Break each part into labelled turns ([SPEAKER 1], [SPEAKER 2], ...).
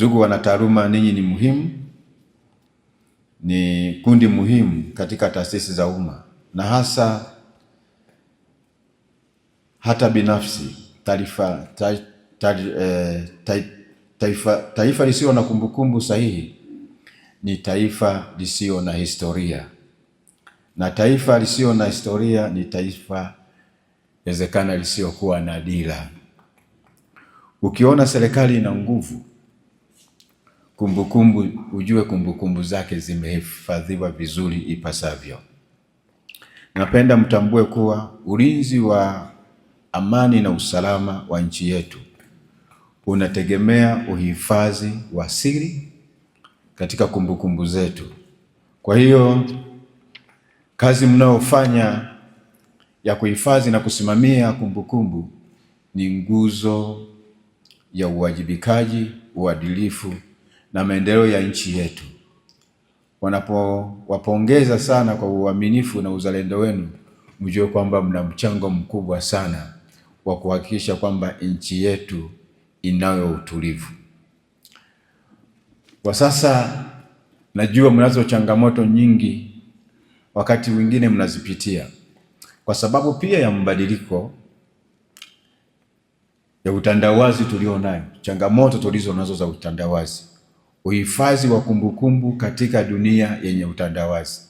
[SPEAKER 1] Ndugu wanataaluma, ninyi ni muhimu, ni kundi muhimu katika taasisi za umma na hasa hata binafsi. Taifa, ta, ta, eh, ta, taifa, taifa lisiyo na kumbukumbu sahihi ni taifa lisiyo na historia, na taifa lisiyo na historia ni taifa wezekana lisiyokuwa na dira. Ukiona serikali ina nguvu kumbukumbu, ujue kumbukumbu zake zimehifadhiwa vizuri ipasavyo. Napenda mtambue kuwa ulinzi wa amani na usalama wa nchi yetu unategemea uhifadhi wa siri katika kumbukumbu zetu. Kwa hiyo kazi mnayofanya ya kuhifadhi na kusimamia kumbukumbu ni nguzo ya uwajibikaji, uadilifu na maendeleo ya nchi yetu. Wanapowapongeza sana kwa uaminifu na uzalendo wenu, mjue kwamba mna mchango mkubwa sana wa kuhakikisha kwamba nchi yetu inayo utulivu. Kwa sasa najua mnazo changamoto nyingi, wakati mwingine mnazipitia kwa sababu pia ya mabadiliko ya utandawazi tulio nayo, changamoto tulizo nazo za utandawazi uhifadhi wa kumbukumbu katika dunia yenye utandawazi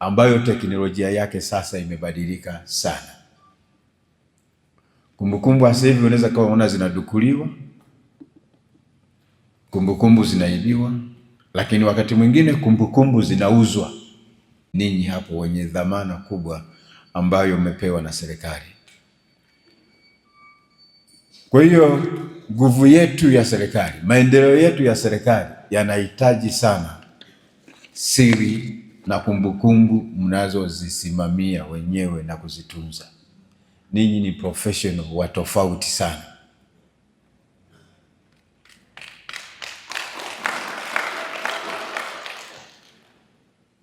[SPEAKER 1] ambayo teknolojia yake sasa imebadilika sana. Kumbukumbu sasa hivi unaweza kawa unaona zinadukuliwa, kumbukumbu zinaibiwa, lakini wakati mwingine kumbukumbu zinauzwa. Ninyi hapo wenye dhamana kubwa ambayo umepewa na serikali. Kwa hiyo nguvu yetu ya serikali, maendeleo yetu ya serikali yanahitaji sana siri na kumbukumbu mnazozisimamia wenyewe na kuzitunza. Ninyi ni professional wa tofauti sana.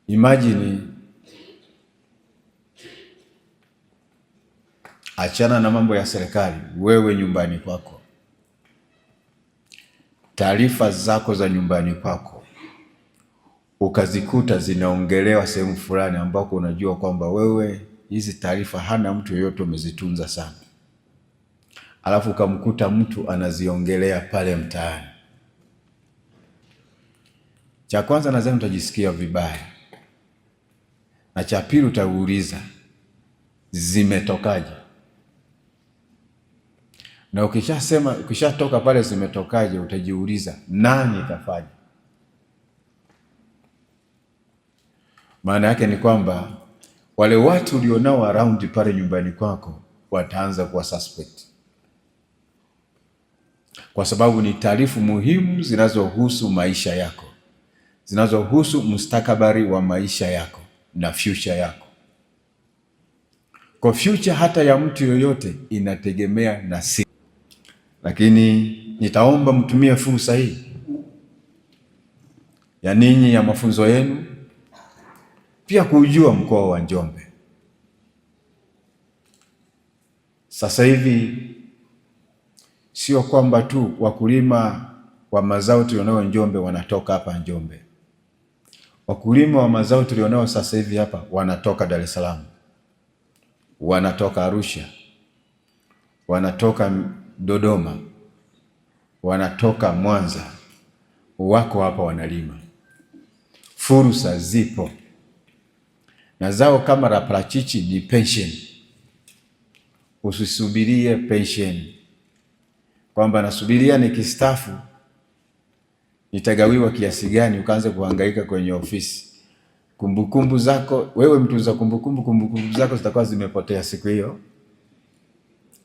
[SPEAKER 1] Imajini, achana na mambo ya serikali, wewe nyumbani kwako taarifa zako za nyumbani kwako ukazikuta zinaongelewa sehemu fulani ambako unajua kwamba wewe hizi taarifa hana mtu yeyote umezitunza sana, alafu ukamkuta mtu anaziongelea pale mtaani, cha kwanza nadhani utajisikia vibaya, na cha pili utauliza zimetokaje? Na ukishasema ukishatoka pale zimetokaje, utajiuliza nani kafanya. Maana yake ni kwamba wale watu ulionao around pale nyumbani kwako wataanza kuwa suspect, kwa sababu ni taarifu muhimu zinazohusu maisha yako, zinazohusu mustakabali wa maisha yako na future yako. Kwa future hata ya mtu yoyote inategemea na siri lakini nitaomba mtumie fursa hii ya ninyi ya mafunzo yenu pia kujua mkoa wa Njombe. Sasa hivi sio kwamba tu wakulima wa mazao tulionao Njombe wanatoka hapa Njombe, wakulima wa mazao tulionao sasa hivi hapa wanatoka Dar es Salaam, wanatoka Arusha, wanatoka Dodoma, wanatoka Mwanza, wako hapa wanalima. Fursa zipo, na zao kama la parachichi ni pension. Usisubirie pension kwamba nasubiria kistafu nitagawiwa kiasi gani, ukaanze kuhangaika kwenye ofisi. Kumbukumbu zako wewe, mtunza kumbukumbu, kumbukumbu zako zitakuwa zimepotea siku hiyo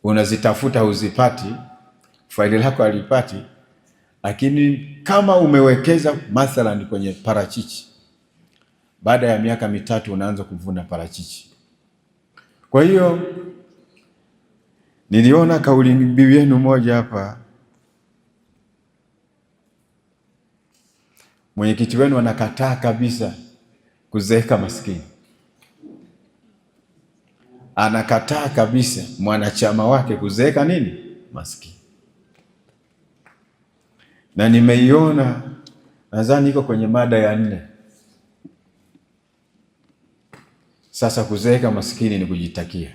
[SPEAKER 1] unazitafuta huzipati, faili lako halipati. Lakini kama umewekeza mathalan kwenye parachichi, baada ya miaka mitatu unaanza kuvuna parachichi. Kwa hiyo niliona kauli mbiu yenu moja hapa, mwenyekiti wenu anakataa kabisa kuzeeka maskini anakataa kabisa mwanachama wake kuzeeka nini maskini. Na nimeiona nadhani iko kwenye mada ya nne. Sasa kuzeeka maskini ni kujitakia.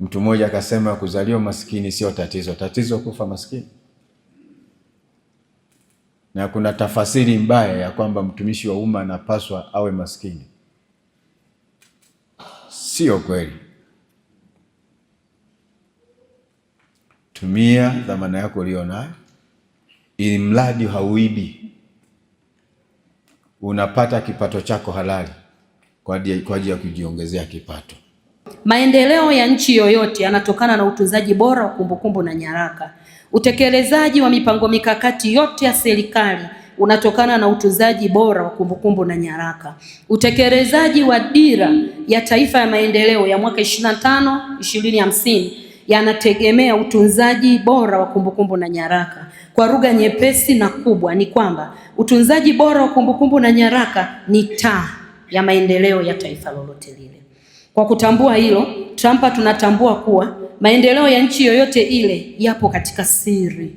[SPEAKER 1] Mtu mmoja akasema kuzaliwa maskini sio tatizo, tatizo kufa maskini. Na kuna tafasiri mbaya ya kwamba mtumishi wa umma anapaswa awe maskini. Sio kweli. Tumia dhamana yako ulio nayo, ili mradi hauibi, unapata kipato chako halali kwa ajili ya kujiongezea kipato.
[SPEAKER 2] Maendeleo ya nchi yoyote yanatokana na utunzaji bora wa kumbukumbu na nyaraka. Utekelezaji wa mipango mikakati yote ya serikali unatokana na utunzaji bora wa kumbukumbu na nyaraka. Utekelezaji wa Dira ya Taifa ya Maendeleo ya mwaka 25 2050 yanategemea utunzaji bora wa kumbukumbu na nyaraka. Kwa lugha nyepesi na kubwa ni kwamba utunzaji bora wa kumbukumbu na nyaraka ni taa ya maendeleo ya taifa lolote lile. Kwa kutambua hilo, TRAMPA tunatambua kuwa maendeleo ya nchi yoyote ile yapo katika siri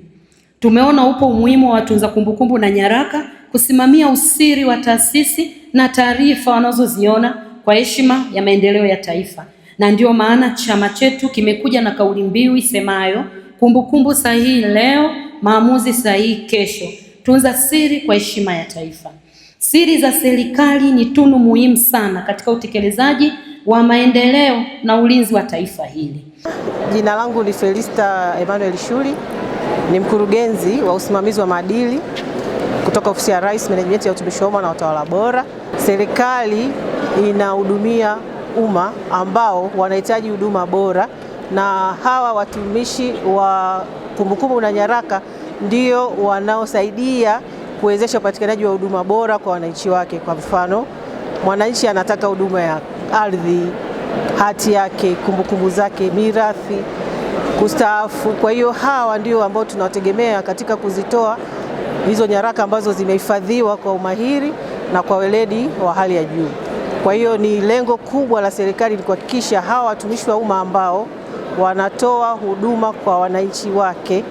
[SPEAKER 2] Tumeona upo umuhimu wa watunza kumbukumbu na nyaraka kusimamia usiri wa taasisi na taarifa wanazoziona kwa heshima ya maendeleo ya taifa, na ndiyo maana chama chetu kimekuja na kauli mbiu isemayo kumbukumbu sahihi leo, maamuzi sahihi kesho. Tunza siri kwa heshima ya taifa. Siri za serikali ni tunu muhimu sana katika utekelezaji wa maendeleo na ulinzi wa taifa hili.
[SPEAKER 3] Jina langu ni Felista Emmanuel Shuli. Ni mkurugenzi wa usimamizi wa maadili kutoka ofisi ya Rais, menejimenti ya utumishi wa umma na utawala bora. Serikali inahudumia umma ambao wanahitaji huduma bora, na hawa watumishi wa kumbukumbu na nyaraka ndio wanaosaidia kuwezesha upatikanaji wa huduma bora kwa wananchi wake. Kwa mfano, mwananchi anataka huduma ya ardhi, hati yake, kumbukumbu zake, mirathi kustaafu. Kwa hiyo hawa ndio ambao tunawategemea katika kuzitoa hizo nyaraka ambazo zimehifadhiwa kwa umahiri na kwa weledi wa hali ya juu. Kwa hiyo ni lengo kubwa la serikali ni kuhakikisha hawa watumishi wa umma ambao wanatoa huduma kwa wananchi wake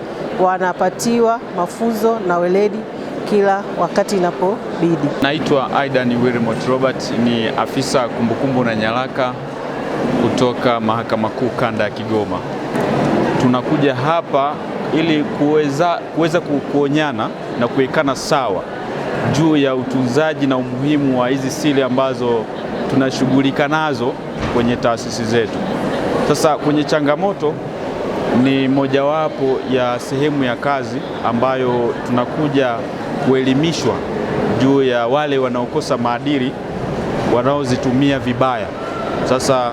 [SPEAKER 3] wanapatiwa mafunzo na weledi kila wakati inapobidi.
[SPEAKER 4] Naitwa Aidan Wilmot Robert, ni afisa kumbukumbu na nyaraka kutoka Mahakama Kuu Kanda ya Kigoma tunakuja hapa ili kuweza kuweza kuonyana na kuwekana sawa juu ya utunzaji na umuhimu wa hizi siri ambazo tunashughulika nazo kwenye taasisi zetu. Sasa kwenye changamoto ni mojawapo ya sehemu ya kazi ambayo tunakuja kuelimishwa juu ya wale wanaokosa maadili wanaozitumia vibaya. Sasa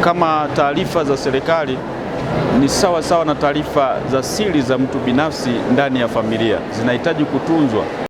[SPEAKER 4] kama taarifa za serikali ni sawa sawa na taarifa za siri za mtu binafsi ndani ya familia, zinahitaji kutunzwa